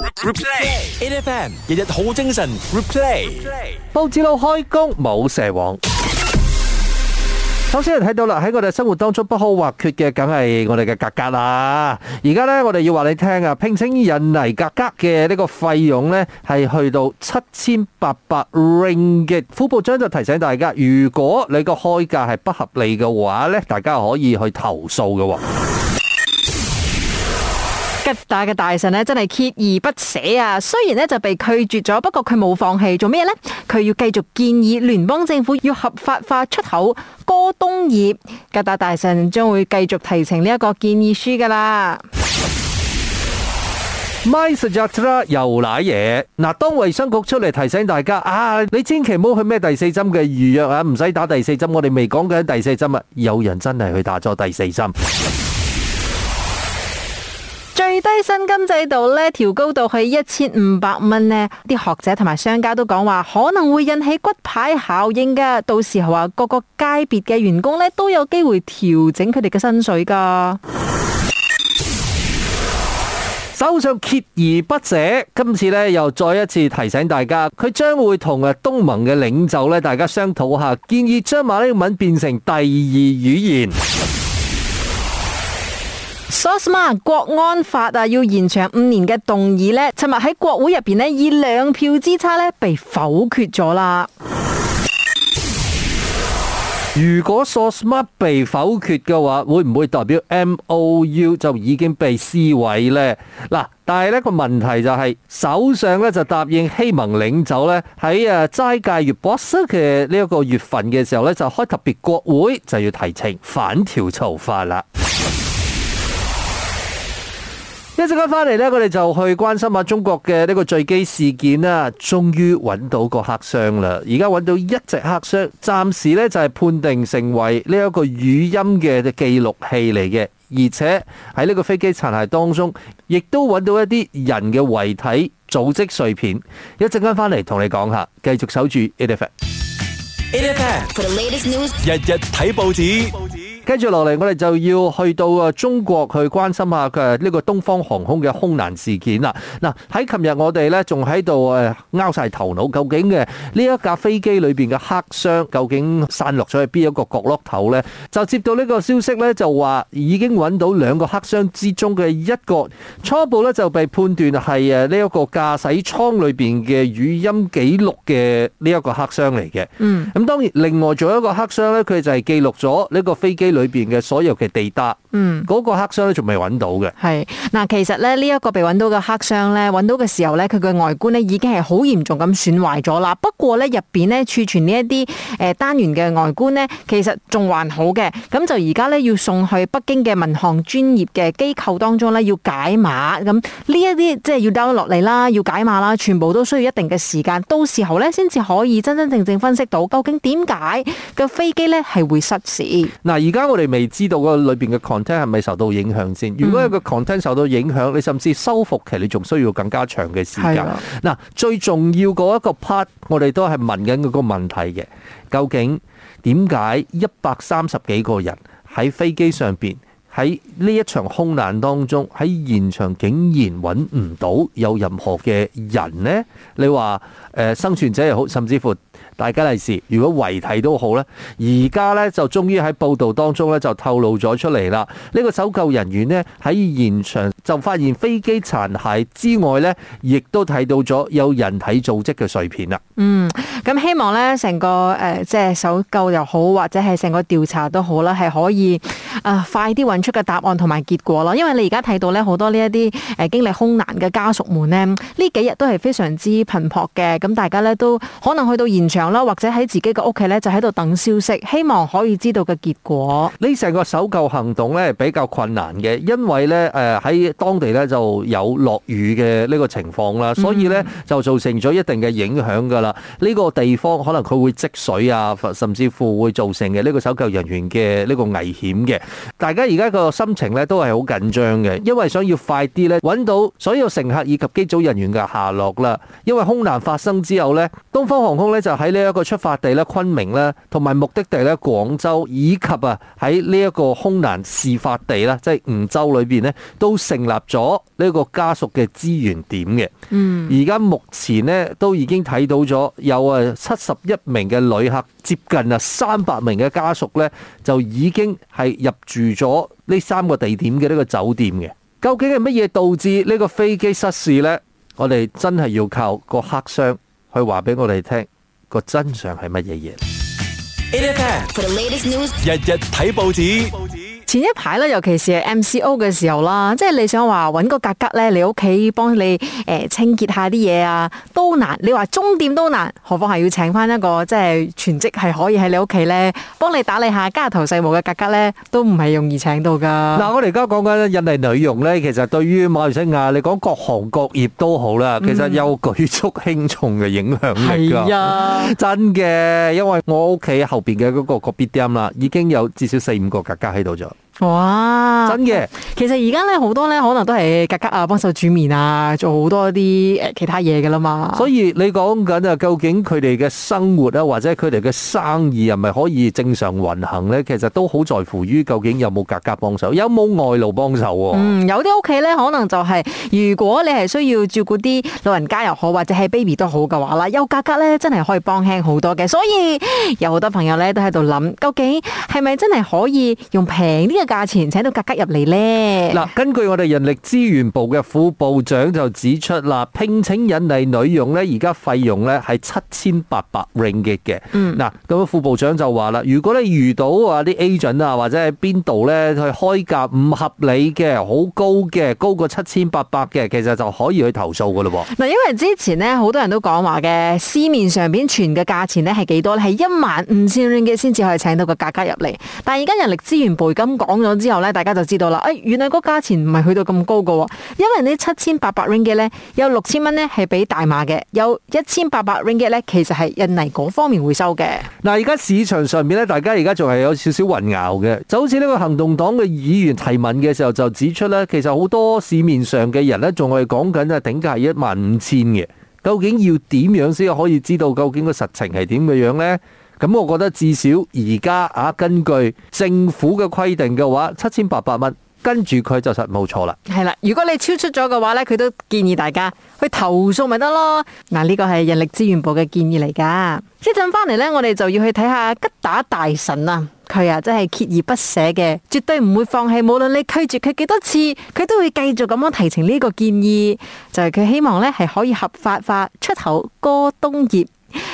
Replay，N F M 日日好精神。Replay，報紙佬開工冇蛇王。首先就，睇到啦，喺我哋生活當中不可或缺嘅，梗係我哋嘅格格啦。而家呢，我哋要話你聽啊，聘請印尼格格嘅呢個費用呢，係去到七千八百 r i n g 嘅。副部長就提醒大家，如果你個開價係不合理嘅話呢，大家可以去投訴嘅。吉打嘅大臣咧真係鍥而不捨啊！雖然咧就被拒絕咗，不過佢冇放棄，做咩呢？佢要繼續建議聯邦政府要合法化出口哥東葉。吉打大臣將會繼續提呈呢一個建議書噶啦。MySejahtera 又瀨嘢嗱，當衛生局出嚟提醒大家啊，你千祈唔好去咩第四針嘅預約啊，唔使打第四針，我哋未講緊第四針啊！有人真係去打咗第四針。最低薪金制度咧調高到去一千五百蚊咧，啲學者同埋商家都講話可能會引起骨牌效應噶，到時候話各個階別嘅員工咧都有機會調整佢哋嘅薪水噶。首相鍥而不捨，今次咧又再一次提醒大家，佢將會同誒東盟嘅領袖咧大家商討下，建議將馬來文變成第二語言。SOSMA 國安法啊，要延長五年嘅動議咧，尋日喺國會入邊咧以兩票之差咧被否決咗啦。如果 SOSMA 被否決嘅話，會唔會代表 MOU 就已經被撕毀呢？嗱，但係呢個問題就係首相咧就答應希盟領袖咧喺啊齋戒月博士嘅呢一個月份嘅時候咧就開特別國會就要提呈反跳槽法案啦。一陣間翻嚟，呢我哋就去關心下中國嘅呢個墜機事件啦。終於揾到個黑箱啦，而家揾到一隻黑箱，暫時呢就係判定成為呢一個語音嘅記錄器嚟嘅，而且喺呢個飛機殘骸當中，亦都揾到一啲人嘅遺體組織碎片。一陣間翻嚟同你講下，繼續守住 Adefat，Adefat for the latest news。日日睇報紙。報紙跟住落嚟，我哋就要去到啊中國去關心下佢呢個東方航空嘅空難事件啦。嗱，喺琴日我哋咧仲喺度誒拗晒頭腦，究竟嘅呢一架飛機裏邊嘅黑箱究竟散落咗去邊一個角落頭咧？就接到呢個消息咧，就話已經揾到兩個黑箱之中嘅一個，初步咧就被判斷係誒呢一個駕駛艙裏邊嘅語音記錄嘅呢一個黑箱嚟嘅。嗯，咁當然另外仲有一個黑箱咧，佢就係記錄咗呢個飛機。裏邊嘅所有嘅地得，嗯，嗰個黑箱咧仲未揾到嘅。係。嗱，其實咧呢一個被揾到嘅黑箱咧，揾到嘅時候咧，佢嘅外觀咧已經係好嚴重咁損壞咗啦。不過咧入邊咧儲存呢一啲誒單元嘅外觀咧，其實仲還，還好嘅。咁就而家咧要送去北京嘅民航專業嘅機構當中咧，要解碼。咁呢一啲即係要 download 落嚟啦，要解碼啦，全部都需要一定嘅時間。到時候咧先至可以真真正正分析到究竟點解個飛機咧係會失事。嗱，而家。因為我哋未知道個裏邊嘅 content 係咪受到影響先？如果個 content 受到影響，你甚至修復期你仲需要更加長嘅時間。嗱的，最重要嗰一個 part，我哋都係問緊嗰個問題嘅，究竟點解一百三十幾個人喺飛機上邊？喺呢一場空難當中，喺現場竟然揾唔到有任何嘅人呢？你話誒、呃、生存者又好，甚至乎大家利是，如果遺體都好咧，而家咧就終於喺報道當中咧就透露咗出嚟啦。呢、這個搜救人員咧喺現場就發現飛機殘骸之外咧，亦都睇到咗有人體組織嘅碎片啦。嗯，咁希望咧成個誒即係搜救又好，或者係成個調查都好啦，係可以啊、呃、快啲揾。出嘅答案同埋結果咯，因為你而家睇到咧好多呢一啲誒經歷空難嘅家屬們咧，呢幾日都係非常之頻撲嘅。咁大家咧都可能去到現場啦，或者喺自己嘅屋企咧就喺度等消息，希望可以知道嘅結果。呢成個搜救行動咧比較困難嘅，因為咧誒喺當地咧就有落雨嘅呢個情況啦，所以咧就造成咗一定嘅影響噶啦。呢個地方可能佢會積水啊，甚至乎會造成嘅呢個搜救人員嘅呢個危險嘅。大家而家。一個心情咧都係好緊張嘅，因為想要快啲咧揾到所有乘客以及機組人員嘅下落啦。因為空難發生之後咧，東方航空咧就喺呢一個出發地咧昆明啦，同埋目的地咧廣州以及啊喺呢一個空難事發地啦，即係梧州裏邊咧，都成立咗呢個家屬嘅資源點嘅。嗯，而家目前呢，都已經睇到咗有啊七十一名嘅旅客，接近啊三百名嘅家屬咧就已經係入住咗。呢三個地點嘅呢個酒店嘅，究竟係乜嘢導致呢個飛機失事呢？我哋真係要靠個黑箱去話俾我哋聽，這個真相係乜嘢嘢。日日睇報紙。前一排咧，尤其是係 MCO 嘅時候啦，即係你想話揾個格格咧，你屋企幫你誒清潔下啲嘢啊，都難。你話鐘點都難，何況係要請翻一個即係全職係可以喺你屋企咧幫你打理一下家頭細務嘅格格咧，都唔係容易請到㗎。嗱，我哋而家講緊印尼女傭咧，其實對於馬來西亞，你講各行各業都好啦，其實有舉足輕重嘅影響力㗎。係、嗯、啊， 真嘅，因為我屋企後邊嘅嗰個個 b e d m 啦，已經有至少四五個格格喺度咗。哇，真嘅！其實而家咧好多咧，可能都係格格啊幫手煮麵啊，做好多啲誒其他嘢噶啦嘛。所以你講緊啊，究竟佢哋嘅生活啊，或者佢哋嘅生意係咪可以正常運行咧？其實都好在乎於究竟有冇格格幫手，有冇外勞幫手喎。嗯，有啲屋企咧，可能就係如果你係需要照顧啲老人家又好，或者係 baby 都好嘅話啦，有格格咧真係可以幫輕好多嘅。所以有好多朋友咧都喺度諗，究竟係咪真係可以用平啲嘅？價錢請到格格入嚟呢？嗱，根據我哋人力資源部嘅副部長就指出啦，聘請印尼女傭呢，而家費用呢係七千八百 ringgit 嘅。嗯，嗱，咁副部長就話啦，如果你遇到啊啲 agent 啊，或者係邊度呢去開價唔合理嘅，好高嘅，高過七千八百嘅，其實就可以去投訴噶咯喎，嗱，因為之前呢好多人都講話嘅，市面上面傳嘅價錢呢係幾多呢係一萬五千 ringgit 先至可以請到個格格入嚟，但係而家人力資源部咁講。咁樣之後咧，大家就知道啦。誒、哎，原來嗰價錢唔係去到咁高噶、哦，因為呢七千八百 ringgit 咧，有六千蚊咧係俾大馬嘅，有一千八百 ringgit 咧，其實係印尼嗰方面會收嘅。嗱，而家市場上面咧，大家而家仲係有少少混淆嘅，就好似呢個行動黨嘅議員提問嘅時候，就指出咧，其實好多市面上嘅人咧，仲係講緊啊，頂價係一萬五千嘅。究竟要點樣先可以知道究竟個實情係點嘅樣咧？咁我覺得至少而家啊，根據政府嘅規定嘅話，七千八百蚊，跟住佢就實冇錯啦。係啦，如果你超出咗嘅話呢，佢都建議大家去投訴咪得咯。嗱、啊，呢、呢個係人力資源部嘅建議嚟噶。一陣翻嚟呢，我哋就要去睇下吉打大臣啊，佢啊真係鍥而不捨嘅，絕對唔會放棄，無論你拒絕佢幾多次，佢都會繼續咁樣提呈呢個建議，就係、係、佢希望呢係可以合法化出口哥東葉。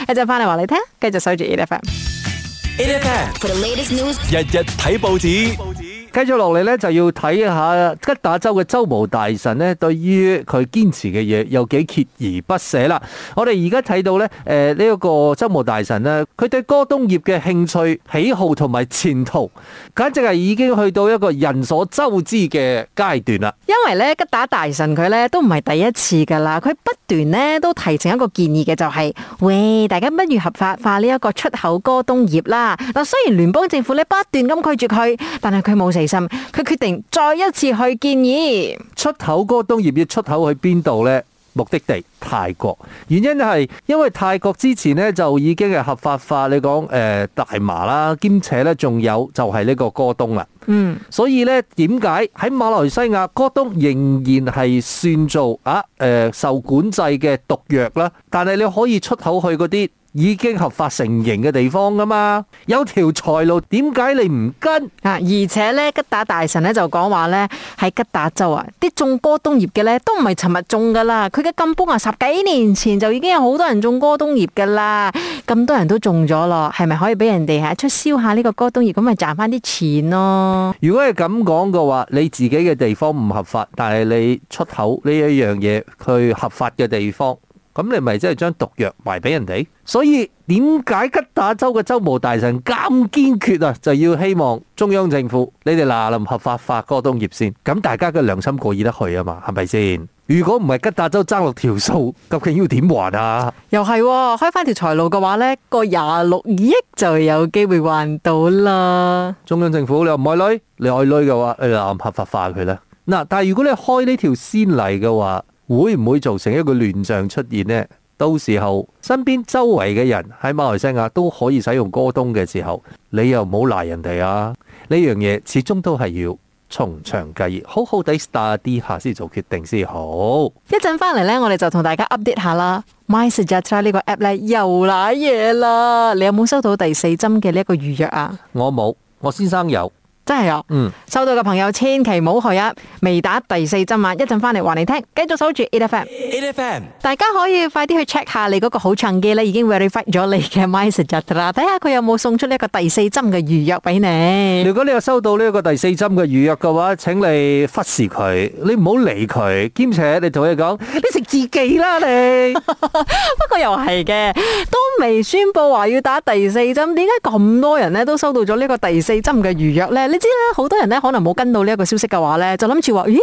一陣翻嚟話你聽，繼續收住。A F M，A F M，日日睇報紙。日日繼續落嚟咧，就要睇下吉打州嘅州務大臣呢對於佢堅持嘅嘢有幾鍥而不捨啦。我哋而家睇到咧，誒呢一個州務大臣呢，佢對哥東葉嘅興趣、喜好同埋前途，簡直係已經去到一個人所周知嘅階段啦。因為咧，吉打大臣佢咧都唔係第一次噶啦，佢不斷呢都提出一個建議嘅、就是，就係喂，大家不如合法化呢一個出口哥東葉啦。嗱，雖然聯邦政府咧不斷咁拒絕佢，但係佢冇死。佢決定再一次去建議出口哥東葉，要出口去邊度呢？目的地泰國，原因就係因為泰國之前呢，就已經係合法化你講誒、呃、大麻啦，兼且呢仲有就係呢個哥東啦。嗯，所以呢，點解喺馬來西亞哥東仍然係算做啊誒、呃、受管制嘅毒藥啦？但係你可以出口去嗰啲。已經合法成型嘅地方噶嘛，有條財路，點解你唔跟啊？而且咧吉打大臣咧就講話咧喺吉打州啊，啲種歌冬葉嘅咧都唔係尋日種噶啦，佢嘅甘榜啊十幾年前就已經有好多人種歌冬葉噶啦，咁多人都種咗咯，係咪可以俾人哋喺出銷一下呢個歌冬葉，咁咪賺翻啲錢咯？如果係咁講嘅話，你自己嘅地方唔合法，但係你出口呢一樣嘢，佢合法嘅地方。咁你咪真係將毒藥賣俾人哋，所以點解吉打州嘅州務大臣咁堅決啊？就要希望中央政府你哋嗱臨合法化個東業先，咁大家嘅良心過意得去啊嘛？係咪先？如果唔係吉打州爭六條數，究竟要點還啊？又係、哦、開翻條財路嘅話呢個廿六億就有機會還到啦。中央政府你又唔愛女，你愛女嘅話，你喇唔合法化佢啦嗱，但係如果你開呢條先例嘅話。會唔會造成一個亂象出現呢？到時候身邊周圍嘅人喺馬來西亞都可以使用歌東嘅時候，你又唔好賴人哋啊！呢樣嘢始終都係要從長計議，好好地 study 下先做決定先好。一陣翻嚟呢，我哋就同大家 update 下啦。MySejahtera 呢個 app 呢又攋嘢啦，你有冇收到第四針嘅呢一個預約啊？我冇，我先生有。真係有，收到嘅朋友千祈唔好去啊！未打第四針啊，一陣翻嚟話你聽，繼續守住 A F M。A F M，大家可以快啲去 check 下你嗰個好唱機咧，已經 verified 咗你嘅 MySejahtera 啦，睇下佢有冇送出呢一個第四針嘅預約俾你。如果你有收到呢一個第四針嘅預約嘅話，請你忽視佢，你唔好理佢，兼且你同佢講，你食自己啦你。不過又係嘅，都未宣布話要打第四針，點解咁多人咧都收到咗呢個第四針嘅預約呢？你知啦，好多人咧可能冇跟到呢一個消息嘅話咧，就諗住話咦，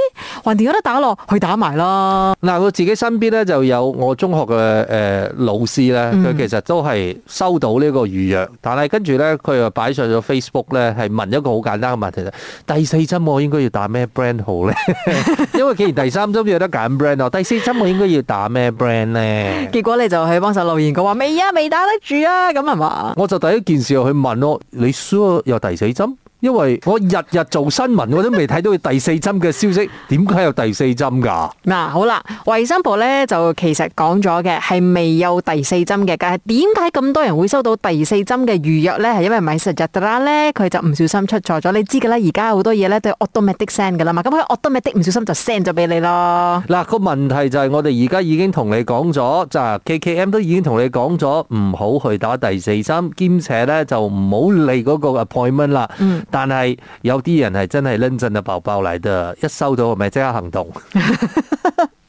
橫掂有得打落，去打埋啦嗱，我自己身邊咧就有我中學嘅誒、呃、老師咧，佢其實都係收到呢個預約，嗯、但係跟住咧佢又擺上咗 Facebook 咧，係問一個好簡單嘅問題，第四針我應該要打咩 brand 好咧？ 因為既然第三針有得揀 brand，第四針我應該要打咩 brand 咧？結果你就去幫手留言，佢話未啊，未打得住啊，咁係嘛？是是我就第一件事去問我，你 sure 有第四針？因為我日日做新聞，我都未睇到佢第四針嘅消息。點解有第四針㗎？嗱、啊，好啦，衛生部咧就其實講咗嘅係未有第四針嘅，但係點解咁多人會收到第四針嘅預約咧？係因為咪實日德拉咧，佢就唔小心出錯咗。你知㗎啦，而家好多嘢咧都係 automatic send 㗎啦嘛。咁佢 automatic 唔小心就 send 咗俾你咯。嗱，個問題就係我哋而家已經同你講咗，就係 KKM 都已經同你講咗，唔好去打第四針，兼且咧就唔好理嗰個 appointment 啦。嗯。但係有啲人係真係認真嘅，包包嚟嘅。一收到係咪即刻行動？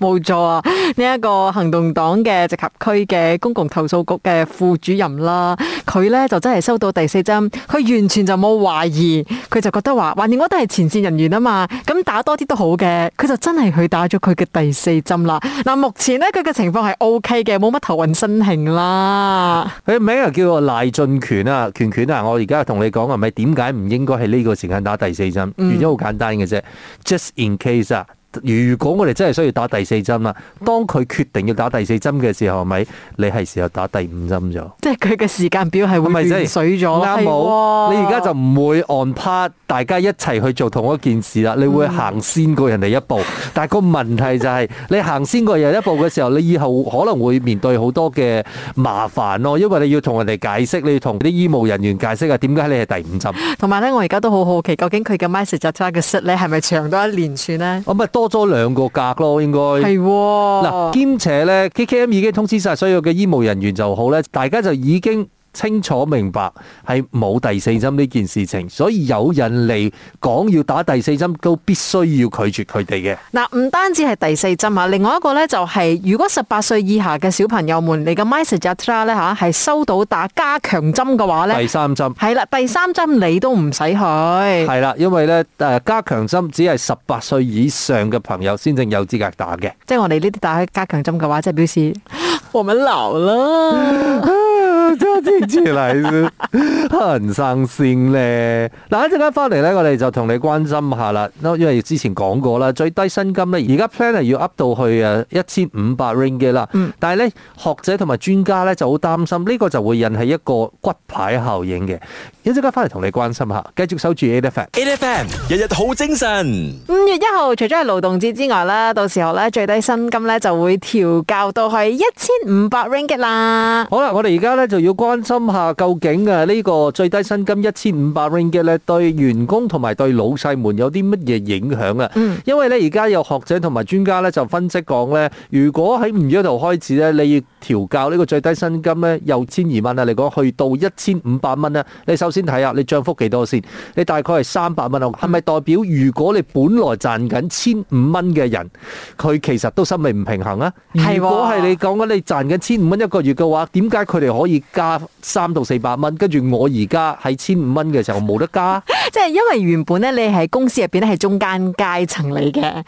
冇錯啊！呢一個行動黨嘅直轄區嘅公共投訴局嘅副主任啦，佢呢就真係收到第四針，佢完全就冇懷疑，佢就覺得話，橫掂我都係前線人員啊嘛，咁打多啲都好嘅，佢就真係去打咗佢嘅第四針啦。嗱，目前呢、OK，佢嘅情況係 O K 嘅，冇乜頭暈身慶啦。佢名啊叫做賴俊權啊，權權啊，我而家同你講啊，係咪點解唔應該係呢個時間打第四針？嗯、原因好簡單嘅啫，just in case 啊。如果我哋真係需要打第四針啦，當佢決定要打第四針嘅時候，係咪你係時候打第五針咗？即係佢嘅時間表係會亂水咗，啱冇？就是、的你而家就唔會 on par。大家一齊去做同一件事啦，你會行先過人哋一步，但係個問題就係你行先過人一步嘅時候，你以後可能會面對好多嘅麻煩咯，因為你要同人哋解釋，你要同啲醫務人員解釋啊，點解你係第五針？同埋咧，我而家都好好奇，究竟佢嘅 message 差嘅色咧，係咪長多一連串咧？咁咪多咗兩個格咯，應該係嗱，兼且咧，K K M 已經通知晒所有嘅醫務人員就好咧，大家就已經。清楚明白係冇第四針呢件事情，所以有人嚟講要打第四針，都必須要拒絕佢哋嘅。嗱，唔單止係第四針啊，另外一個呢就係如果十八歲以下嘅小朋友們，你嘅 message 咧吓，係收到打加強針嘅話呢，第三針係啦，第三針你都唔使去。係啦，因為呢誒加強針只係十八歲以上嘅朋友先至有資格打嘅。即係我哋呢啲打加強針嘅話，即係表示我哋老啦。真係嚟，好唔 生鮮咧。嗱，一陣間翻嚟咧，我哋就同你關心下啦。因為之前講過啦，最低薪金咧，而家 plan 係要 up 到去誒一千五百 ringgit 啦。但係咧學者同埋專家咧就好擔心，呢個就會引起一個骨牌效應嘅。一陣間翻嚟同你關心下，繼續守住 A F M，A F M 日日好精神。五月一號除咗係勞動節之外啦，到時候咧最低薪金咧就會調校到一千五百 ringgit 啦。好啦，我哋而家咧就。要關心一下究竟啊呢個最低薪金一千五百 ringgit 咧，對員工同埋對老細們有啲乜嘢影響啊？嗯，因為咧而家有學者同埋專家咧就分析講咧，如果喺五月一號開始咧，你要調教呢個最低薪金咧，由千二蚊啊嚟講去到一千五百蚊啊，你首先睇下你漲幅幾多先？你大概係三百蚊啊？係咪代表如果你本來賺緊千五蚊嘅人，佢其實都心理唔平衡啊？的如果係你講緊你賺緊千五蚊一個月嘅話，點解佢哋可以？加三到四百蚊，跟住我而家喺千五蚊嘅時候冇得加。即係因為原本咧，你係公司入邊咧係中間階層嚟嘅，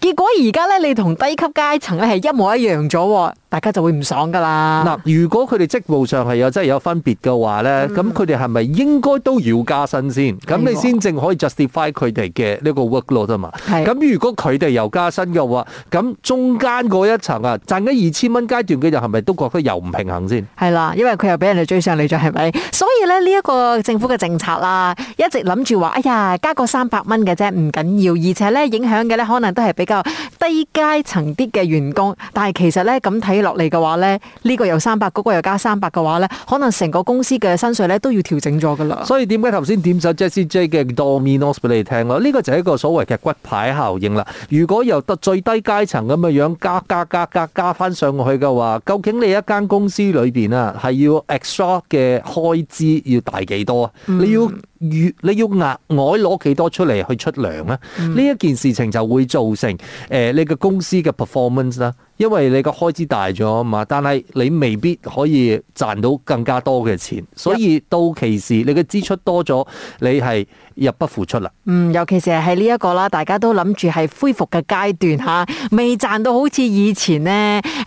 結果而家咧你同低級階層咧係一模一樣咗。大家就會唔爽噶啦。嗱，如果佢哋職務上係有真係有分別嘅話咧，咁佢哋係咪應該都要加薪先？咁、嗯、你先正可以 justify 佢哋嘅呢個 work load 啊嘛的。咁如果佢哋又加薪嘅話，咁中間嗰一層啊，賺緊二千蚊階段嘅人係咪都覺得又唔平衡先？係啦，因為佢又俾人哋追上你咗，係咪？所以咧，呢一個政府嘅政策啦，一直諗住話，哎呀，加個三百蚊嘅啫，唔緊要，而且咧影響嘅咧可能都係比較低階層啲嘅員工，但係其實咧咁睇。落嚟嘅話咧，呢個又三百，嗰個又加三百嘅話咧，可能成個公司嘅薪水咧都要調整咗噶啦。所以為什麼才點解頭先點首 Jessie J 嘅 Domino 俾你聽咯？呢個就係一個所謂嘅骨牌效應啦。如果由得最低階層咁嘅樣加加加加加翻上去嘅話，究竟你一間公司裏邊啊，係要 extra 嘅開支要大幾多？嗯、你要？越你要額外攞幾多出嚟去出糧咧？呢一、嗯、件事情就會造成、呃、你嘅公司嘅 performance 啦，因為你個開支大咗啊嘛。但係你未必可以賺到更加多嘅錢，所以到期時你嘅支出多咗，你係入不敷出啦。嗯，尤其是係呢一個啦，大家都諗住係恢復嘅階段吓，未賺到好似以前呢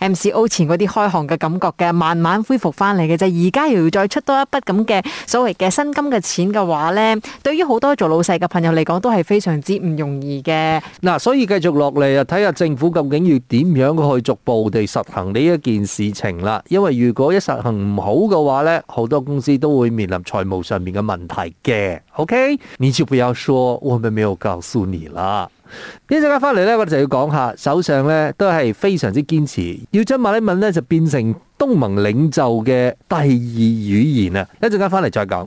MCO 前嗰啲開行嘅感覺嘅，慢慢恢復翻嚟嘅啫。而家又要再出多一筆咁嘅所謂嘅薪金嘅錢嘅話，咧，對於好多做老細嘅朋友嚟講，都係非常之唔容易嘅。嗱、啊，所以繼續落嚟啊，睇下政府究竟要點樣去逐步地實行呢一件事情啦。因為如果一實行唔好嘅話呢，好多公司都會面臨財務上面嘅問題嘅。OK，你就不要說我哋沒有告訴你啦。一陣間翻嚟呢，我哋就要講下，首相呢，都係非常之堅持，要將馬來文呢，就變成東盟領袖嘅第二語言啊。一陣間翻嚟再講。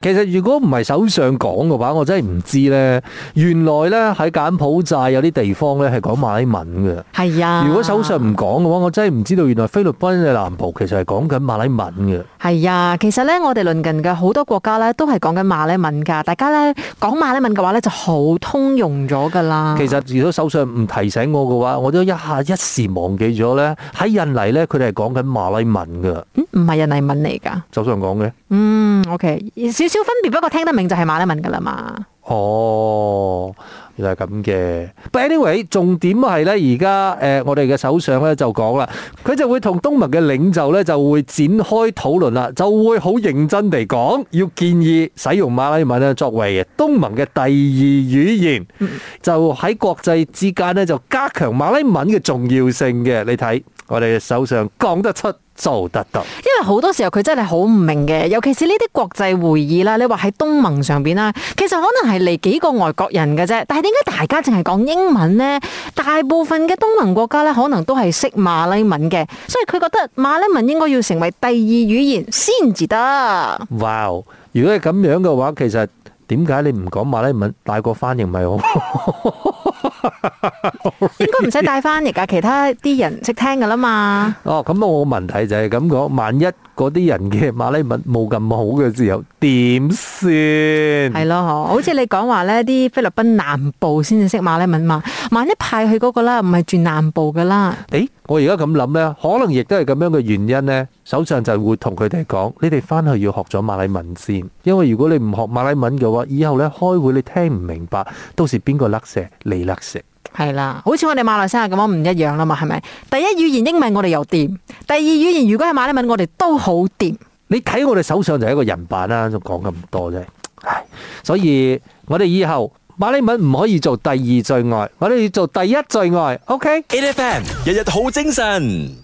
其實如果唔係首相講嘅話，我真係唔知咧。原來咧喺柬埔寨有啲地方咧係講馬來文嘅。係啊，如果首相唔講嘅話，我真係唔知道原來菲律賓嘅南部其實係講緊馬來文嘅。係啊，其實咧我哋鄰近嘅好多國家咧都係講緊馬來文噶。大家咧講馬來文嘅話咧就好通用咗噶啦。其實如果首相唔提醒我嘅話，我都一下一時忘記咗咧。喺印尼咧，佢哋係講緊馬來文嘅。嗯，唔係印尼文嚟噶。首相講嘅。嗯，OK 意思。少分別，不過聽得明就係馬來文噶啦嘛。哦，原來係咁嘅。But anyway，重點係咧，而家誒，我哋嘅首相咧就講啦，佢就會同東盟嘅領袖咧就會展開討論啦，就會好認真地講，要建議使用馬來文咧作為東盟嘅第二語言，嗯、就喺國際之間咧就加強馬來文嘅重要性嘅。你睇我哋嘅首相講得出。做得到，因為好多時候佢真係好唔明嘅，尤其是呢啲國際會議啦。你話喺東盟上邊啦，其實可能係嚟幾個外國人嘅啫。但係點解大家淨係講英文呢？大部分嘅東盟國家咧，可能都係識馬來文嘅，所以佢覺得馬來文應該要成為第二語言先至得。哇！如果係咁樣嘅話，其實點解你唔講馬來文帶個翻譯咪好？ 應該唔使帶翻嚟噶，其他啲人識聽噶啦嘛。哦，咁我問題就係咁講，萬一嗰啲人嘅馬拉文冇咁好嘅時候，點算？係咯，好似你講話呢啲菲律賓南部先至識馬拉文嘛。萬一派去嗰個啦，唔係住南部噶啦。誒、欸。我而家咁諗呢，可能亦都係咁樣嘅原因呢。首相就會同佢哋講：你哋翻去要學咗馬來文先，因為如果你唔學馬來文嘅話，以後呢，開會你聽唔明白，到時邊個甩石你甩石。離」係啦，好似我哋馬來西亞咁樣唔一樣啦嘛，係咪？第一語言英文我哋又掂，第二語言如果係馬來文我哋都好掂。你睇我哋首相就係一個人辦啦，仲講咁多啫，唉，所以我哋以後。馬里文唔可以做第二最愛，我哋要做第一最愛。O K，A F M 日日好精神。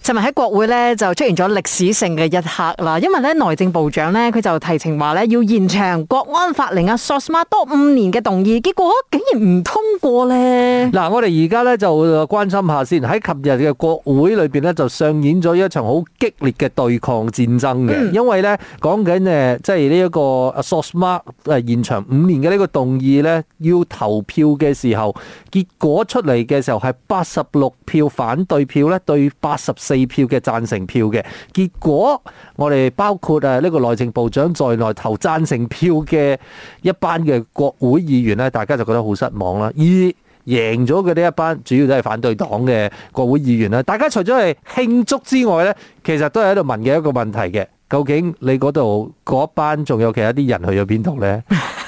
尋日喺國會咧就出現咗歷史性嘅一刻啦，因為咧內政部長咧佢就提呈話咧要延長國安法令啊 SOSMA 多五年嘅動議，結果竟然唔通過咧。嗱，我哋而家咧就關心一下先，喺尋日嘅國會裏邊咧就上演咗一場好激烈嘅對抗戰爭嘅，嗯、因為咧講緊誒即係呢一個阿 SOSMA 誒延長五年嘅呢個動議咧要。投票嘅時候，結果出嚟嘅時候係八十六票反對票咧，對八十四票嘅贊成票嘅結果，我哋包括啊呢個內政部長在內投贊成票嘅一班嘅國會議員咧，大家就覺得好失望啦。而贏咗嘅呢一班主要都係反對黨嘅國會議員啦，大家除咗係慶祝之外咧，其實都係喺度問嘅一個問題嘅，究竟你嗰度嗰班仲有其他啲人去咗邊度呢？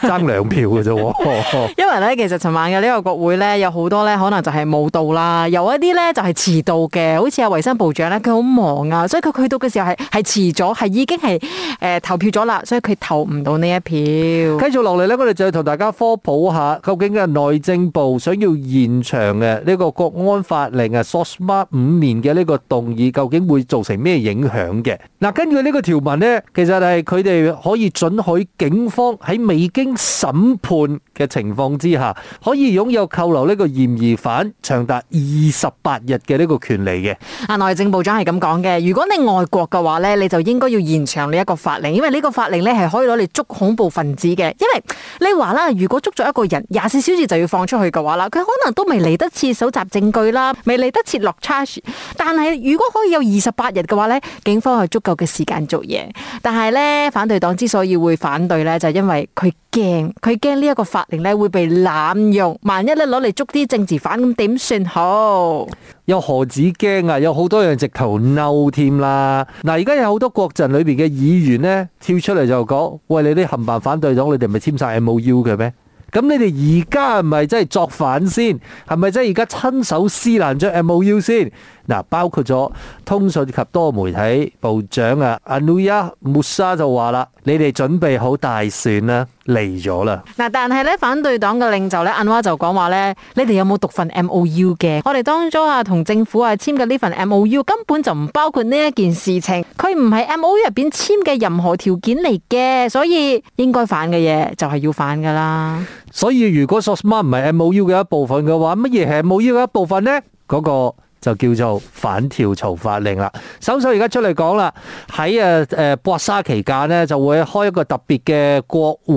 爭兩票嘅啫喎， 因為咧其實尋晚嘅呢個國會咧有好多咧可能就係冇到啦，有一啲咧就係遲到嘅，好似阿衞生部長咧佢好忙啊，所以佢去到嘅時候係係遲咗，係已經係誒投票咗啦，所以佢投唔到呢一票。繼續落嚟咧，我哋就要同大家科普一下，究竟嘅內政部想要延長嘅呢個國安法令啊，SOSMA 五年嘅呢個動議，究竟會造成咩影響嘅？嗱、啊，根據呢個條文咧，其實係佢哋可以准許警方喺未經審判。嘅情況之下，可以擁有扣留呢個嫌疑犯長達二十八日嘅呢個權利嘅。啊，內政部長係咁講嘅。如果你外國嘅話呢，你就應該要延長呢一個法令，因為呢個法令呢係可以攞嚟捉恐怖分子嘅。因為你話啦，如果捉咗一個人廿四小時就要放出去嘅話啦，佢可能都未嚟得切搜集證據啦，未嚟得切落 charge，但係如果可以有二十八日嘅話呢，警方係足夠嘅時間做嘢。但係呢，反對黨之所以會反對呢，就係因為佢驚，佢驚呢一個法令咧會被濫用，萬一咧攞嚟捉啲政治犯咁點算好？又何止驚啊？有好多樣直頭嬲添啦！嗱，而家有好多國陣裏邊嘅議員咧跳出嚟就講：喂，你啲冚唪唥反對黨，你哋咪簽晒 M O U 嘅咩？咁你哋而家係咪真係作反先？係咪真係而家親手撕爛咗 M O U 先？嗱，包括咗通訊及多媒體部長啊，阿努亞穆沙就話啦：你哋準備好大選啦，嚟咗啦！嗱，但係咧，反對黨嘅領袖咧，安瓦就講話咧：你哋有冇讀份 M O U 嘅？我哋當初啊，同政府啊簽嘅呢份 M O U 根本就唔包括呢一件事情，佢唔係 M O U 入邊簽嘅任何條件嚟嘅，所以應該反嘅嘢就係要反噶啦。所以如果 SOSMA 唔係 M O U 嘅一部分嘅話，乜嘢係 M O U 嘅一部分呢？嗰、那個。就叫做反跳槽法令啦。首相而家出嚟講啦，喺誒誒博沙期間咧，就會開一個特別嘅國會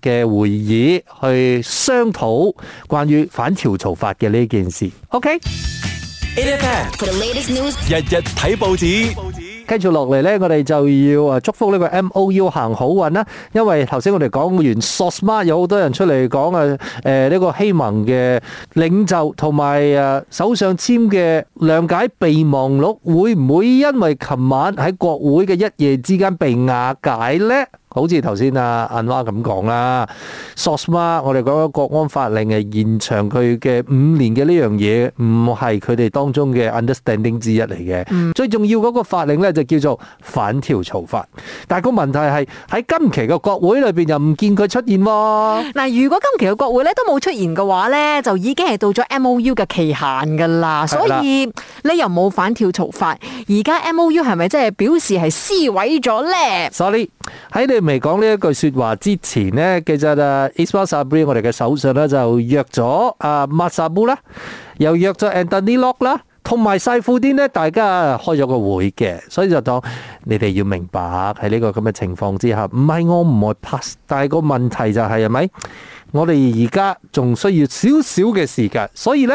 嘅會議去商討關於反跳槽法嘅呢件事。O、OK? K，日日睇報紙。跟住落嚟呢，我哋就要啊祝福呢個 MOU 行好運啦。因為頭先我哋講完 SOSMA 有好多人出嚟講啊，誒呢個希盟嘅領袖同埋啊首相簽嘅諒解備忘錄會唔會因為琴晚喺國會嘅一夜之間被瓦解呢？好似頭先啊，安努亞咁講啦，SOSMA，我哋講個國安法令係延長佢嘅五年嘅呢樣嘢，唔係佢哋當中嘅 understanding 之一嚟嘅。最重要嗰個法令咧就叫做反跳槽法，但係個問題係喺今期嘅國會裏邊又唔見佢出現喎。嗱，如果今期嘅國會咧都冇出現嘅話咧，就已經係到咗 MOU 嘅期限㗎啦。所以你又冇反跳槽法，而家 MOU 係咪即係表示係撕毀咗咧？Sorry。喺你未講呢一句說話之前呢，其實啊，Ismail Sabri 我哋嘅首相咧就約咗啊，抹薩布啦，又約咗 Anthony Loke 啦，同埋細富啲呢，大家開咗個會嘅，所以就當你哋要明白，喺呢個咁嘅情況之下，唔係我唔會 pass，但係個問題就係係咪，我哋而家仲需要少少嘅時間，所以呢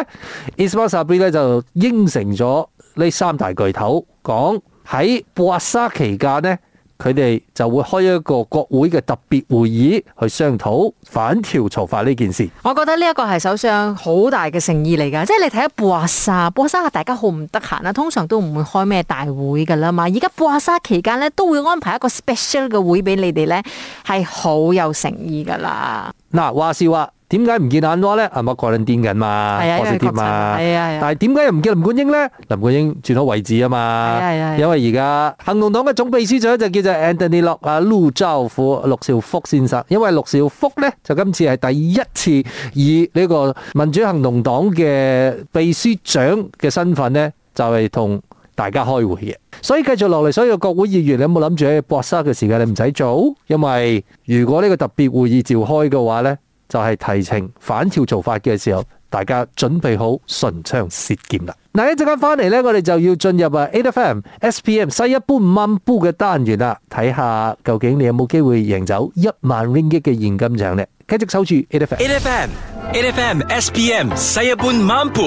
Ismail Sabri 咧就應承咗呢三大巨頭，講喺博沙期間呢。佢哋就會開一個國會嘅特別會議去商討反條草案呢件事。我覺得呢一個係首相好大嘅誠意嚟㗎，即係你睇下布亞沙，布亞沙大家好唔得閒啊，通常都唔會開咩大會㗎啦嘛。而家布亞沙期間咧，都會安排一個 special 嘅會俾你哋咧，係好有誠意㗎啦。嗱，話事話。點解唔見阿尹？咧，阿莫國令癲緊嘛，博士癲嘛。但係點解又唔見林冠英咧？林冠英轉咗位置啊嘛。因為而家行動黨嘅總秘書長就叫做安東尼洛啊陸兆福陸兆福先生。因為陸兆福咧就今次係第一次以呢個民主行動黨嘅秘書長嘅身份咧，就係同大家開會嘅。所以繼續落嚟，所有國會議員你有冇諗住喺博沙嘅時間你唔使做？因為如果呢個特別會議召開嘅話咧？就係提呈反超做法嘅時候。大家準備好唇槍舌劍啦！嗱，一陣間翻嚟咧，我哋就要進入啊，8FM S P M 西一般萬步嘅單元啦，睇下究竟你有冇機會贏走一萬 ringgit 嘅現金獎咧？繼續守住 8FM 8FM 8FM S P M 西一般萬步，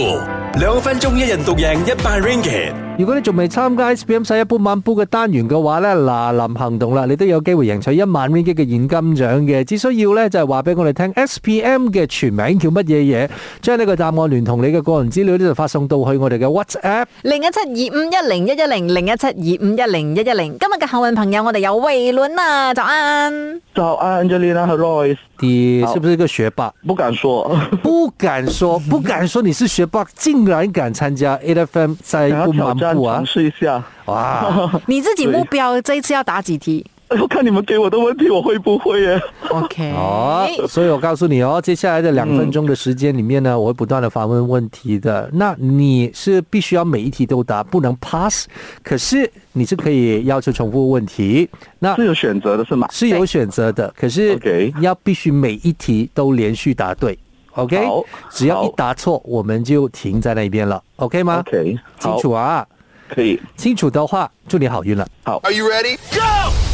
兩分鐘一人獨贏一百 ringgit。如果你仲未參加 S P M 西一般萬步嘅單元嘅話咧，嗱，臨行動啦，你都有機會贏取一萬 ringgit 嘅現金獎嘅，只需要咧就係話俾我哋聽 S P M 嘅全名叫乜嘢嘢將。呢個答案聯同你嘅個人資料呢就發送到去我哋嘅 WhatsApp 零一七二五一零一一零零一七二五一零一一零。110, 110, 今日嘅幸運朋友我哋有偉倫啊，早安，早安，Angelina 和 Royce，你是不是一個學霸？不敢，不敢說，不敢說，不敢說，你是學霸。 竟然敢參加 A, a F M，再、啊、挑戰，嘗試一下，哇！ 你自己目標，這一次要答幾題？要看你們給我的問題我會不會耶，欸？OK，好，所以我告訴你哦，接下來的兩分鐘的時間裡面呢，mm. 我會不斷的發問問題的。那你是必須要每一題都答，不能 pass，可是你是可以要求重複問題。那是有選擇的是嗎？ 是有選擇的，可是你要必須每一題都連續答對。OK？Okay. 只要一答錯，Okay. 我們就停在那邊了。OK 嗎？OK，清楚啊？可以，清楚的話，祝你好運了。好，Are you ready? Go!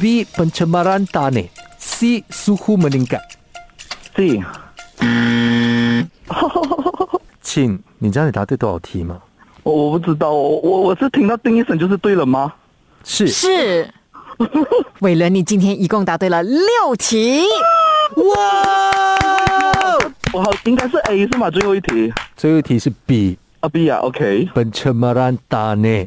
B. pencemaran tanah。C. suhu meningkat。C. 哈哈哈。Ching、嗯、 你知道你答對多少題嗎？我我不知道，我我我是聽到叮一聲就是對了嗎？是是。偉倫是， 你今天一共答對了六題。 哇！我好哇，應該是 A 是嗎？最後一題，最後一題是 B 啊 B 啊 OK。pencemaran tanah。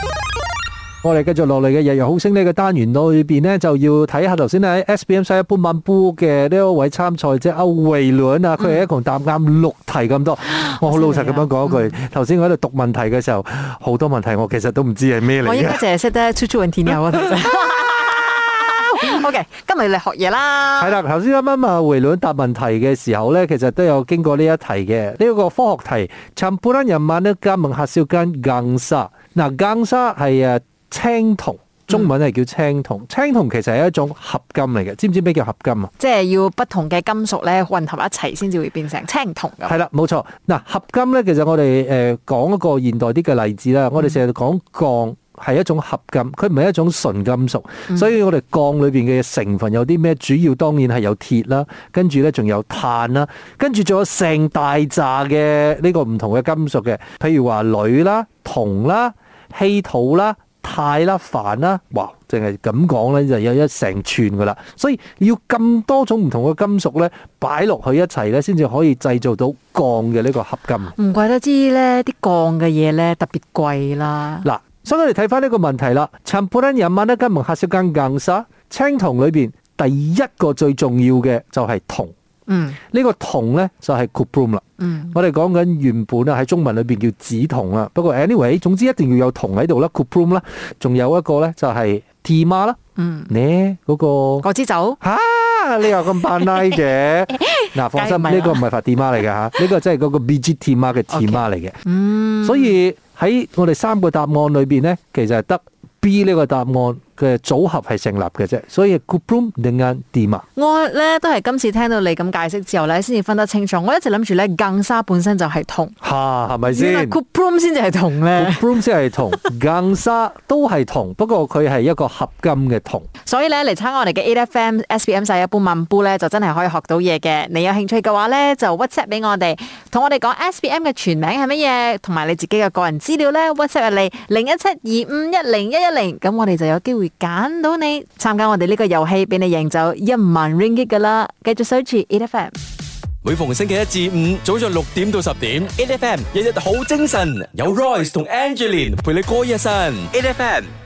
我哋繼續落嚟嘅日日好星呢個單元裏邊咧，就要睇下頭先喺 SBM 西一般文簿，嘅呢一位參賽者阿維倫啊，佢係一共答啱六題咁多。我好老實咁樣講一句，頭先我喺度讀問題嘅時候，好多問題我其實都唔知係咩嚟。我而家淨係識得《出出與天下》。我提醒。O K，今日嚟學嘢啦。係啦，頭先啱啱啊維倫答問題嘅時候咧，其實都有經過呢一題嘅呢個科學題。陳半蘭人問呢間門下少間硬殺，嗱，硬殺係啊。青銅中文係叫青銅，嗯、青銅其實係一種合金嚟嘅，知唔知咩叫合金啊？即係要不同嘅金屬咧，混合一齊先至會變成青銅咁。係啦，冇錯。嗱，合金咧，其實我哋誒講一個現代啲嘅例子啦。嗯、我哋成日講鋼係一種合金，佢唔係一種純金屬，所以我哋鋼裏邊嘅成分有啲咩？主要當然係有鐵啦，跟住咧，仲有碳啦，跟住仲有成大扎嘅呢個唔同嘅金屬嘅，譬如話鋁啦、銅啦、稀土啦。太啦，煩啦、啊啊，哇！淨係咁講咧，就有一成串噶啦，所以要咁多種唔同嘅金屬咧，擺落去一齊咧，先至可以製造到鋼嘅呢個合金。唔怪得知咧，啲鋼嘅嘢咧特別貴啦。嗱，所以我哋睇翻呢個問題啦，陳 h a 人 p a 根 n 有黑色金硬砂青銅裏面，第一個最重要嘅就係銅。嗯，呢個銅咧就係、是、cuproom o 啦。嗯，我哋講緊原本啊喺中文裏邊叫紫銅啊，不過 anyway 總之一定要有銅喺度啦 cuproom o 啦，仲有一個咧就係 tea 馬啦。嗯，你嗰、那個嗰支酒嚇，你又咁扮奶嘅嗱，放心，呢、啊、個唔係發 tea 馬嚟嘅嚇，呢 個真係嗰個 beauty tea 馬嘅 tea 馬嚟嘅。嗯，所以喺我哋三個答案裏邊咧，其實係得 B 呢個答案。嘅組合係成立嘅啫，所以 Cuprum 兩間點啊？我咧都係今次聽到你咁解釋之後咧，先至分得清楚。我一直諗住咧，更沙本身就係銅嚇，係咪先？因為 Cuprum 先至係銅咧，Cuprum 先係銅，更沙都係銅，不過佢係一個合金嘅銅。所以咧，嚟參加我哋嘅 ATFM SPM 細一般問波咧，就真係可以學到嘢嘅。你有興趣嘅話咧，就 WhatsApp 俾我哋，同我哋講 SPM 嘅全名係乜嘢，同埋你自己嘅個人資料咧，WhatsApp 入嚟零一七二五一零一一零，咁我哋就有機會。揀到你參加我哋呢個遊戲，俾你贏走一萬 ringgit 噶啦！繼續 search 8FM。每逢星期一至五早上六點到十點，8FM 日日好精神，有 Royce 同 Angeline 陪你過一晨，8FM。